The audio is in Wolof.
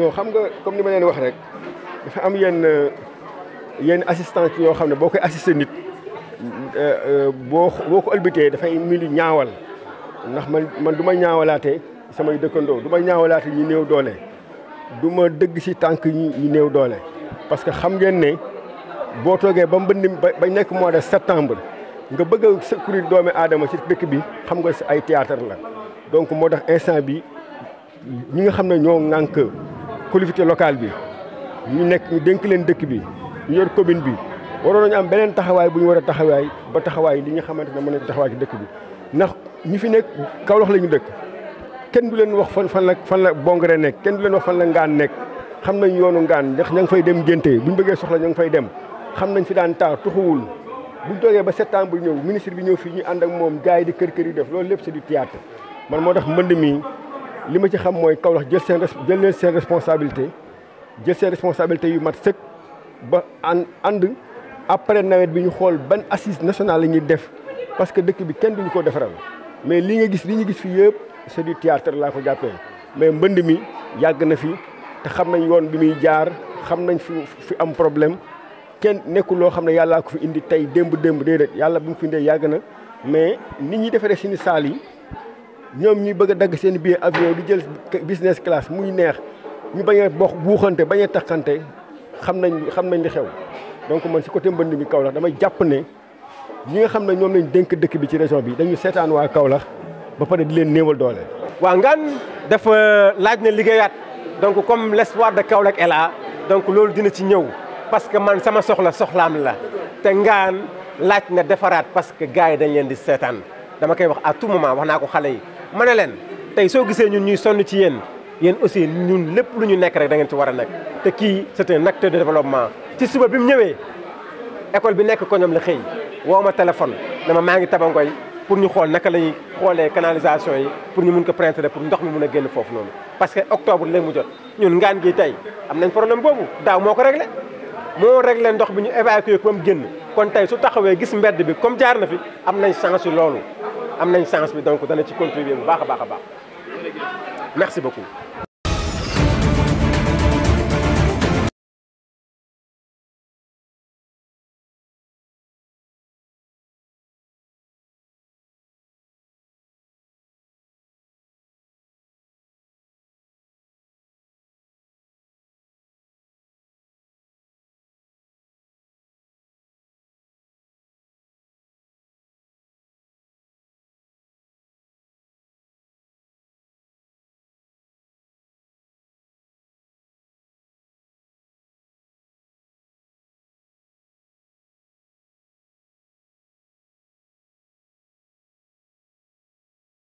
non xam nga comme ni ma leen wax rek dafa am yenn yenn assistance yoo xam ne boo koy assister nit euh, euh, boo boo ko ëlbatee dafay mbiru ñaawal ndax man man du ma ñaawalaate samay dëkkandoo duma ma ñaawalaate ñu néew doole du ma dëgg si tànk ñi néew doole parce que xam ngeen ne boo toogee ba mbënd ba nekk mois de septembre nga bëgg a secourir doomi aadama si dëkk bi xam nga ay théâtre la donc moo tax instant bi ñi nga xam ne ñoo ŋànk collectivité locale bi ñu nekk ñu dénk leen dëkk bi ñu yor commune bi waroon nañu am beneen taxawaay bu ñu war a taxawaay ba taxawaay li nga xamante ne mën nañu taxawaay ci dëkk bi ndax ñu fi nekk Kaolack la ñu dëkk kenn du leen wax fan fan la fan la Bongre nekk kenn du leen wax fan la Ngaan nekk xam nañ yoonu Ngaan ndax ña ngi fay dem ngénte bu bëggee soxla ña ngi fay dem xam nañ fi daan taa tuxuwul bu ñu toogee ba bu ñëw ministre bi ñëw fii ñu ànd ak moom gars yi di kër k yi def loolu lépp c'est du théâtre man moo tax mbënd mi li ma ci xam mooy Kaolack jël seen jël seen responsabilité jël seen responsabilité yu mat sëkk ba an ànd après nawet bi ñu xool ban assise nationale la ñuy def parce que dëkk bi kenn duñu ko defaral mais li nga gis li ñu gis fii yëpp c'est du théâtre laa ko jàppee mais mbënd mi yàgg na fi te xam nañ yoon bi muy jaar xam nañ fi fi am problème kenn nekkul loo xam ne yàllaa ko fi indi tey démb démb déedéet yàlla bi mu fi indee yàgg na mais nit ñi defaree suñu saal yi. ñoom ñi bëgg a dagg seen billet avion di jël business class muy neex ñu bañ a bokk buuxante bañ a taxante xam nañ xam nañ li xew donc man si côté mbënd mi Kaolack damay jàpp ne ñi nga xam ne ñoom lañ dénk dëkk bi ci région bi dañuy seetaan waa Kaolack ba pare di leen néewal doole. waa Ngane defa laaj na liggéeyaat donc comme l'espoir de Kaolack est là donc loolu dina ci ñëw parce que man sama soxla soxlaam la te Ngane laaj na defaraat parce que gars yi dañ leen di seetaan dama koy wax à tout moment wax naa ko xale yi. ma ne leen tey soo gisee ñun ñuy sonn ci yéen yéen aussi ñun lépp lu ñu nekk rek da ngeen ci war a nekk te kii c'est un acteur de développement ci suba bi mu ñëwee école bi nekk ko ñoom la xëy woo ma téléphone dama maa ngi tabangoy pour ñu xool naka la ñuy xoolee canalisation yi pour ñu mun ko printer pour ndox mi mun a génn foofu noonu parce que octobre léegi mu jot ñun ngaan gi tey am nañ problème boobu daaw moo ko réglé moo rek réglé ndox bi ñu évacué ko ba kon tey su taxawee gis mbedd bi comme jaar na fi am nañ chance yu loolu Amener une chance donc dana ci contribuer merci beaucoup